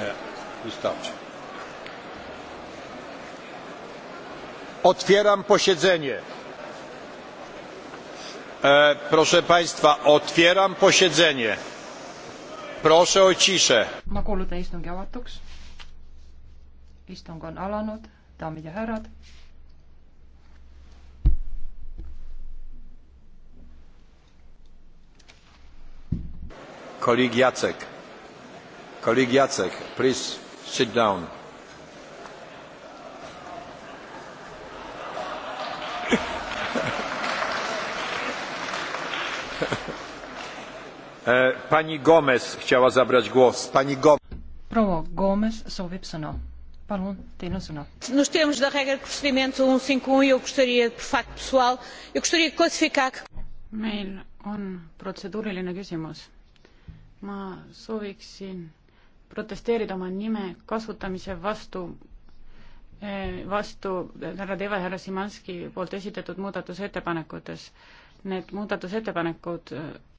E, wystarczy. Otwieram posiedzenie. E, proszę Państwa, otwieram posiedzenie. Proszę o ciszę. Ma kuulutan istungi avatuks. Istung on alanud, daamid ja härrad. kolleeg Jacek. Colleague Jacek, please sit down. E, pani Gomez chciała zabrać głos. Pani Gomez. Proua Gomes soovib sõna. Palun, teil on sõna. Nós termos da regra de procedimento 151, um um e eu gostaria, por facto pessoal, eu gostaria de classificar que... Meil on protseduuriline küsimus. Ma sooviksin protesteerida oma nime kasutamise vastu, eh, vastu härra Deva ja härra Simanski poolt esitatud muudatusettepanekutes. Need muudatusettepanekud